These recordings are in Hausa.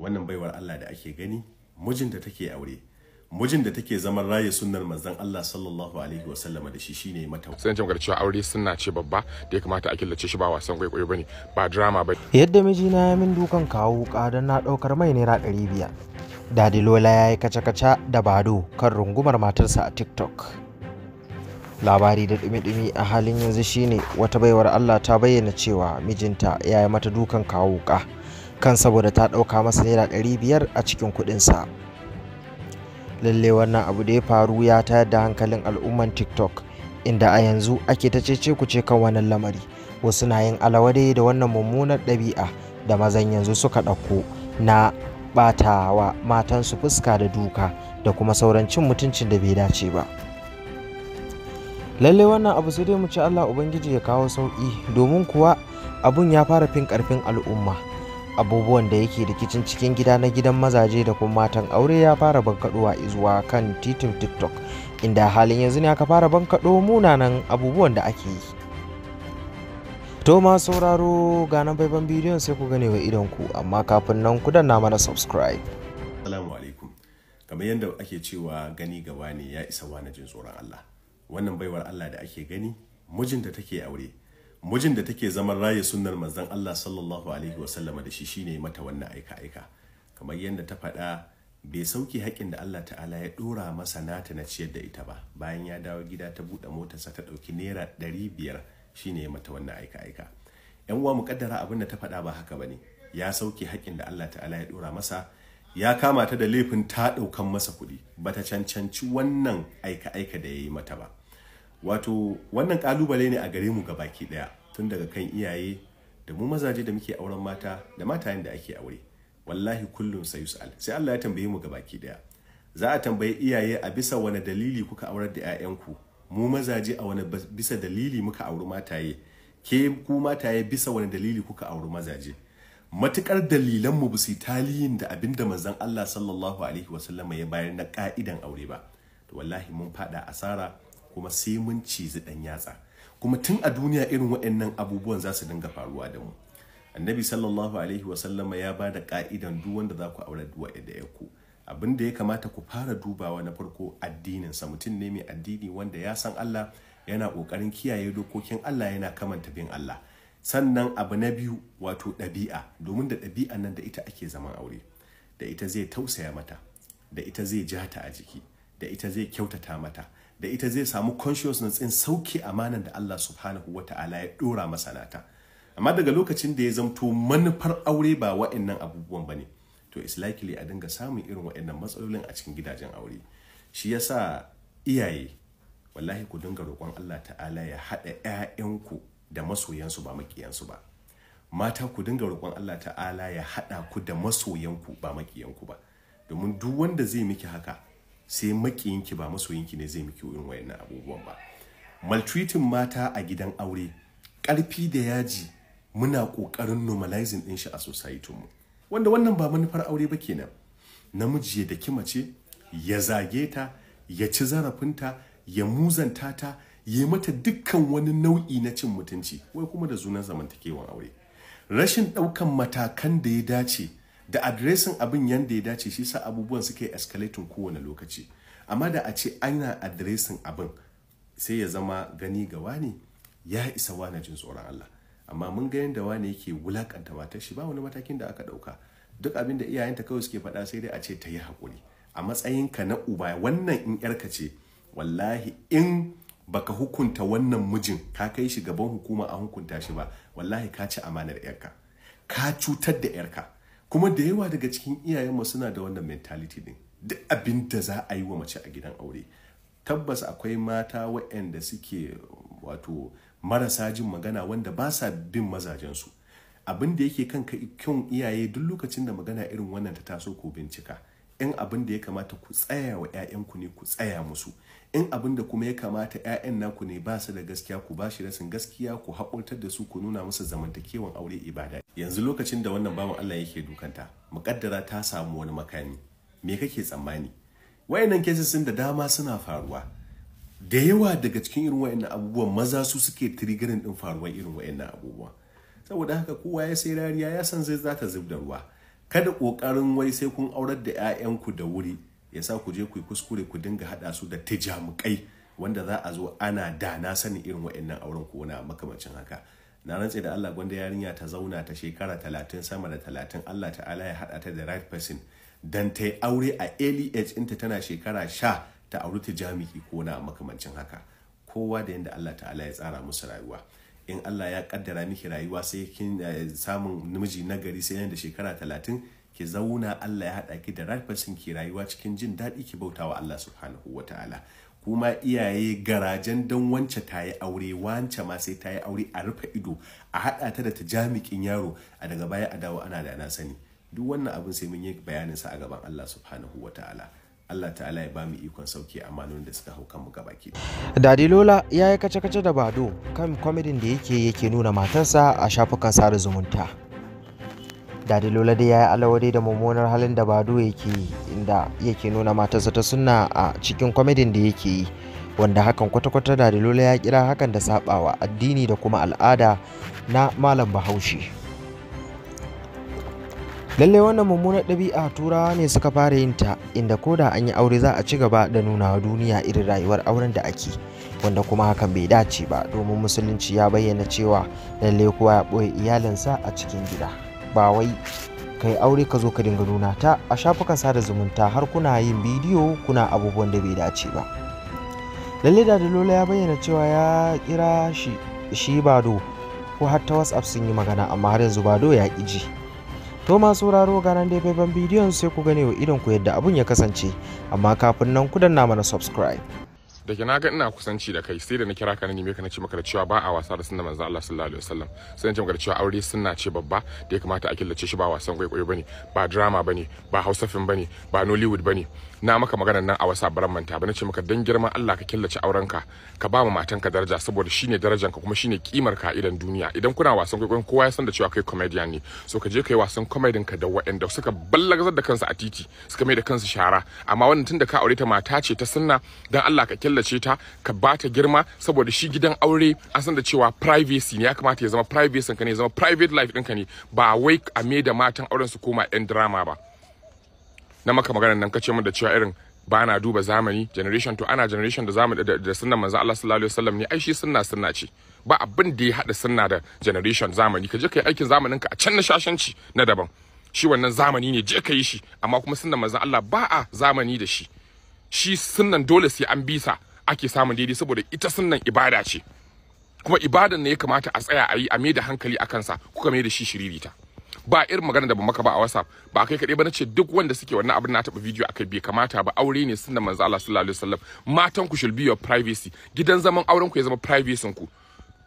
wannan baiwar Allah da ake gani mijin da take aure mijin da take zaman raye sunnar manzon Allah sallallahu alaihi wa sallama da shi shine mata sai jin cewa aure sunna ce babba da ya kamata a killace shi ba wasan kwaikwayo bane ba drama ba yadda mijina ya min dukan kawo kadan na daukar mai naira 500 Dadi Lola ya yi kaca-kaca da Bado kan rungumar matarsa a TikTok. Labari da ɗumi-ɗumi a halin yanzu shine wata baiwar Allah ta bayyana cewa mijinta yayi mata dukan kawo wuka. kan saboda ta ɗauka masa naira ɗari biyar a cikin kuɗinsa lalle wannan abu da ya faru ya tayar da hankalin al'umman tiktok inda a yanzu ake ta cece kuce kan wannan lamari wasu na yin alawade da wannan mummunar ɗabi'a da mazan yanzu suka ɗauko na ɓatawa wa matansu fuska da duka da kuma sauran cin mutuncin da bai dace ba lallai wannan abu sai dai mu ci allah ubangiji ya kawo sauƙi domin kuwa abun ya fara fin ƙarfin al'umma abubuwan da yake rikicin cikin gida na gidan mazaje da kuma matan aure ya fara bankaɗowa izuwa kan titin tiktok inda halin yanzu ne aka fara bankaɗo munanan abubuwan da ake yi to ma sauraro ga nan bidiyon sai ku gane wa idan ku amma kafin nan ku danna mana subscribe assalamu alaikum kamar yadda ake cewa gani gaba ne ya isa wani jin tsoron Allah wannan baiwar Allah da ake gani mijinta take aure mijin da take zaman raye sunnar manzon Allah sallallahu alaihi da shi shine mata wannan aika aika kamar yadda ta faɗa bai sauke haƙƙin da Allah ta'ala ya dora masa nata na ciyar da ita ba bayan ya dawo gida ta buɗe motarsa ta ɗauki naira ɗari biyar shine mata wannan aika aika yan uwa mu kaddara abin da ta faɗa ba haka bane ya sauke haƙƙin da Allah ta'ala ya ɗora masa ya kama ta da laifin ta ɗaukan masa kuɗi bata cancanci wannan aika aika da ya yi mata ba wato wannan kalubale ne a gare mu baki daya tun daga kan iyaye da mu mazaje da muke auren mata da matayen da ake aure wallahi kullum sai yus'al sai Allah ya tambaye mu baki daya za a tambayi iyaye a bisa wani dalili kuka aurar da 'ya'yanku mu mazaje a wani bisa dalili muka auri mataye ke ku mataye bisa wani dalili kuka auri mazaje matukar dalilan mu busi taliyin da abinda manzon Allah sallallahu alaihi wasallam ya bayar na ka'idan aure ba to wallahi mun fada asara kuma sai mun cizi dan yatsa kuma tun a duniya irin waɗannan abubuwan za su dinga faruwa da mu annabi sallallahu alaihi wa sallama ya ba da ka'idan duk wanda za ku aure duwa da ku abin da ya kamata ku fara dubawa na farko addinin sa mutum ne mai addini wanda ya san Allah yana kokarin kiyaye dokokin Allah yana kamanta bin Allah sannan abu na biyu wato ɗabi'a domin da ɗabi'a nan da ita ake zaman aure da ita zai tausaya mata da ita zai jata a jiki da ita zai kyautata mata da ita zai samu consciousness in sauke amanan da Allah subhanahu wa ta'ala ya dora masa amma daga lokacin da ya zamto manufar aure ba wa'annan abubuwan ba ne, to is likely a dinga samun irin wa'annan matsalolin a cikin gidajen aure shi yasa iyaye wallahi ku dinga roƙon Allah ta'ala ya haɗa 'ya'yanku da masoyansu ba makiyansu ba mata ku dinga roƙon Allah ta'ala ya haɗa ku da masoyanku ba makiyanku ba domin duk wanda zai miki haka sai makiyinki ba masoyinki ne zai miki irin wayannan abubuwan ba maltreating mata a gidan aure ƙarfi da yaji muna ƙoƙarin normalizing ɗin shi a society mu wanda wannan ba manufar aure ba kenan namiji ya daki mace ya zage ta ya ci zarafinta ya muzanta ta ya mata dukkan wani nau'i na cin mutunci wai kuma da zunan zamantakewan aure rashin ɗaukan matakan da ya dace da addressing abin yanda ya dace shi sa abubuwan suke escalating kowane lokaci amma da a ce ana addressing abin sai ya zama gani ga wani ya isa wani jin tsoron Allah amma mun ga yanda wani yake wulakanta matar shi ba wani matakin da aka dauka duk abin da iyayenta kawai suke faɗa sai dai a ce ta yi haƙuri a ka na uba wannan in yarka ce wallahi in baka hukunta wannan mijin ka kai shi gaban hukuma a hukunta shi ba wallahi ka ci amanar yarka ka cutar da yarka kuma da yawa daga cikin iyayenmu suna da wannan mentality din duk abin da za a yi wa mace a gidan aure tabbas akwai mata waɗanda suke wato marasa jin magana wanda ba sa bin mazajensu abin da yake kan kyan iyaye duk lokacin da magana irin wannan ta taso ko bincika in abin da ya kamata ku tsaya wa 'ya'yanku ne ku tsaya musu in abin da kuma ya kamata 'ya'yan naku ne ba su da gaskiya ku ba shi rasin gaskiya ku haƙurtar da su ku nuna musu zamantakewan aure ibada yanzu lokacin da wannan bawan Allah yake dukanta muƙaddara ta samu wani makami me kake tsammani wayannan cases sun da dama suna faruwa da yawa daga cikin irin wayannan abubuwan maza su suke tirigirin din faruwar irin wayannan abubuwa saboda haka kowa ya sai rariya ya san zai zata zub da ruwa kada kokarin wai sai kun aurar da 'ya'yanku da wuri ya sa ku je ku yi kuskure ku dinga haɗa su da tijamukai wanda za a zo ana dana na sanin irin wayannan auren ko na makamancin haka na rantse da Allah gwanda yarinya ta zauna ta shekara talatin sama da talatin Allah ta'ala ya haɗa ta da right person dan ta yi aure a early age inta tana shekara sha ta auri ta jami'i ko na makamancin haka kowa da yadda Allah ta'ala ya tsara musu rayuwa in Allah ya kaddara miki rayuwa sai kin eh, samun namiji nagari sai da shekara talatin ki zauna Allah ya haɗa ki da right person ki rayuwa cikin jin daɗi ki bautawa Allah subhanahu wa ta'ala kuma iyaye garajen don wance ta yi aure wance ma sai ta yi aure a rufe ido a haɗa ta da ta jami'in yaro a daga baya a dawo ana da na sani duk wannan abin sai mun yi bayanin sa a gaban Allah subhanahu wa ta'ala Allah ta'ala ya ba mu ikon sauki manonin da suka hau mu gabaki. Dadi Lola ya yi kace-kace da Bado kan kwamidin da yake yake nuna matarsa a shafukan sada zumunta. Dadi da ya yi alawari da mummunar halin da Badu yake yi inda yake nuna matarsa ta sunna a cikin kwamedin da yake yi wanda hakan kwata-kwata Dadi Lola ya kira hakan da sabawa addini da kuma al'ada na malam Bahaushe. Lallai wannan mummunar ɗabi'a turawa ne suka fara yin ta inda koda an yi aure za a ci gaba da nuna wa duniya irin rayuwar auren da ake wanda kuma hakan bai dace ba domin musulunci ya bayyana cewa lallai kowa ya ɓoye iyalinsa a cikin gida. ba wai kai aure ka zo ka dinga nuna ta a shafukan sada zumunta har kuna yin bidiyo kuna abubuwan da bai dace ba lalle da lola ya bayyana cewa ya kira shi shi bado ko har ta whatsapp sun yi magana amma har yanzu bado ya ƙi ji to masu sauraro ga nan dai faifan bidiyon sai ku gane wa idon ku yadda abun ya kasance amma kafin nan ku danna mana subscribe da na naga ina kusanci da kai sai da na kira ka na neme ka na ce maka da cewa ba a wasa da sunnar manzo Allah sallallahu alaihi wasallam sai na ce maka da cewa aure sunna ce babba da ya kamata a killace shi ba wasan kwaikwayo bane ba drama bane ba Hausa film bane ba Nollywood bane na maka maganar nan a wasa baran manta ba na ce maka dan girman Allah ka killace auren ka ka ba ma matanka daraja saboda shine darajanka kuma shine kimar ka idan duniya idan kuna wasan kwaikwayon kowa ya san da cewa kai comedian ne so ka je kai wasan comedian ka da waɗanda suka ballagazar da kansu a titi suka mai da kansu shara amma wannan tunda ka aure ta mata ce ta sunna dan Allah ka killace ta ka ba ta girma saboda shi gidan aure an san da cewa privacy ne ya kamata ya zama privacy ka ne ya zama private life ɗinka ne ba wai a me da matan auren su koma yan drama ba na maka maganar nan kace min da cewa irin ba na duba zamani generation to ana generation da zamani da sunnan manzo Allah sallallahu alaihi wasallam ne ai shi sunna sunna ce ba abin da ya hada sunna da generation zamani ka je kai aikin zamanin ka a can na shashanci na daban shi wannan zamani ne je ka yi shi amma kuma sunnan manzo Allah ba a zamani da shi shi sunnan dole sai an bisa ake samun daidai saboda ita sunnan ibada ce kuma ibadan ne ya kamata a tsaya a yi a mai da hankali a kansa kuka mai da shi shiririta ba irin magana da ba maka ba a WhatsApp ba kai kaɗai ba na ce duk wanda suke wannan abin na taɓa bidiyo akai bai kamata ba aure ne sunnan manzo Allah sallallahu alaihi wasallam matan ku should be your privacy gidan zaman auren ku ya zama privacy ku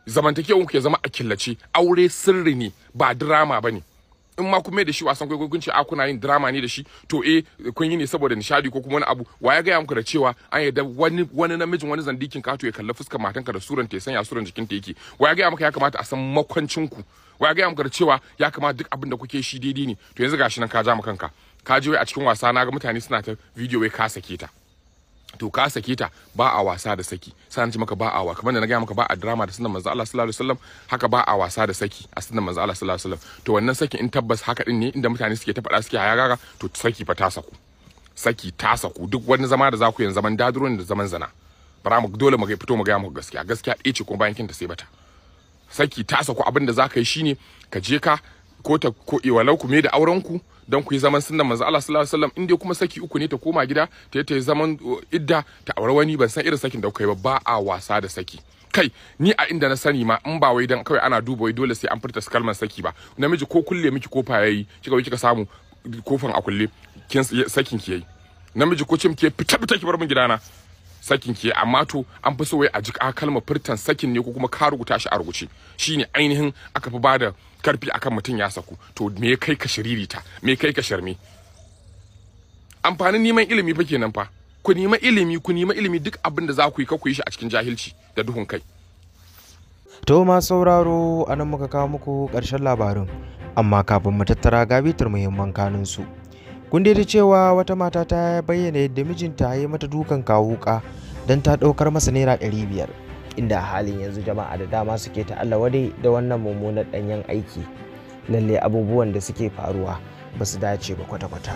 zamantakewar ku ya zama a killace aure sirri ne ba drama bane in ma kun mai da shi wasan kwaikwayo kun ce a ah, kuna yin drama ne da shi to eh kun yi ne saboda nishadi ko kuma wani abu wa ya gaya muku da cewa an yarda wani wani namijin wani zandikin kato ya kalla fuskar matanka da suran ta sanya suran jikin ta yake wa ya gaya muku ya kamata a san makwancin ku wa ya gaya muku da cewa ya kamata duk abin da kuke shi daidai ne to yanzu gashi nan ka ja mu kanka ka je a cikin wasa na ga mutane suna ta video wai ka sake ta to ka sake ta ba a wasa da saki sai ce maka ba a wa kamar da na gaya maka ba a drama da sunan manzo Allah sallallahu alaihi wasallam haka ba a wasa da saki a sunan manzo Allah sallallahu alaihi wasallam to wannan saki in tabbas haka din ne inda mutane suke ta faɗa suke gaga to saki fa ta saku saki ta saku duk wani zama da za ku zaman daduro ne da zaman zana bara mu dole mu fito mu gaya muku gaskiya gaskiya ɗaya ce kuma bayan ta sai bata saki ta saku abin da za ka yi shine ka je ka ko ta ko iwalau eh, ku me da auren ku don ku yi zaman sunnan manzo Allah sallallahu alaihi wasallam inda kuma saki uku ne ta koma gida ta yi zaman uh, idda ta aure wani ban san irin sakin da kai ba ba a wasa da saki kai ni a inda na sani ma in ba wai dan kawai ana duba wai dole sai an furta kalmar saki ba namiji ko kulle miki kofa yayi kika kika samu kofan a kulle kin sakin ki yayi namiji ko cin ke fita fita ki bar min gidana sakin ke amma to an fi so wai a jika kalma furtan sakin ne ko kuma ka rubuta shi a rubuce shine ainihin aka fi bada karfi akan mutum ya saku to me ya kai ka shiririta me kai ka sharme amfanin neman ilimi fa kenan fa ku nema ilimi ku nema ilimi duk abin da za ku yi ka ku yi shi a cikin jahilci da duhun kai to ma sauraro anan muka kawo muku karshen labarin amma kafin mu tattara gabitar muhimman kanunsu su Kunde da cewa wata mata ta bayyana yadda mijinta ya mata dukan kawuka don ta ɗaukar masa naira 500, inda a halin yanzu jama'a da dama suke ta'allawa wadai da wannan mummunar ɗanyen aiki lalle abubuwan da suke faruwa ba su dace ba kwata-kwata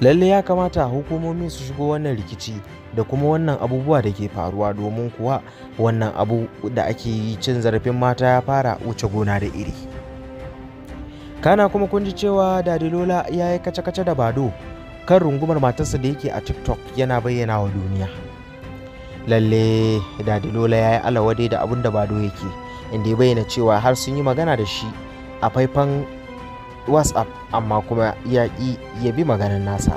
lalle ya kamata hukumomi su shigo wannan rikici da kuma wannan abubuwa da ke faruwa domin kuwa wannan abu da ake yi cin zarafin mata ya fara wuce gona da iri kana kuma kun ji cewa dadilola ya yi kace-kace da bado kan rungumar matarsa da yake a tiktok yana bayyana wa duniya lalle dadilola ya yi alawade da abun da bado yake inda ya bayyana cewa har sun yi magana da shi a faifan whatsapp amma kuma ya ya bi maganar nasa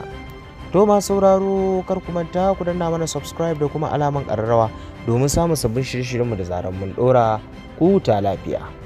to ma sauraro kar ku manta ku danna mana subscribe da kuma alaman ƙararrawa domin samun sabbin shirye-shiryenmu da zaran mun ɗora ku ta lafiya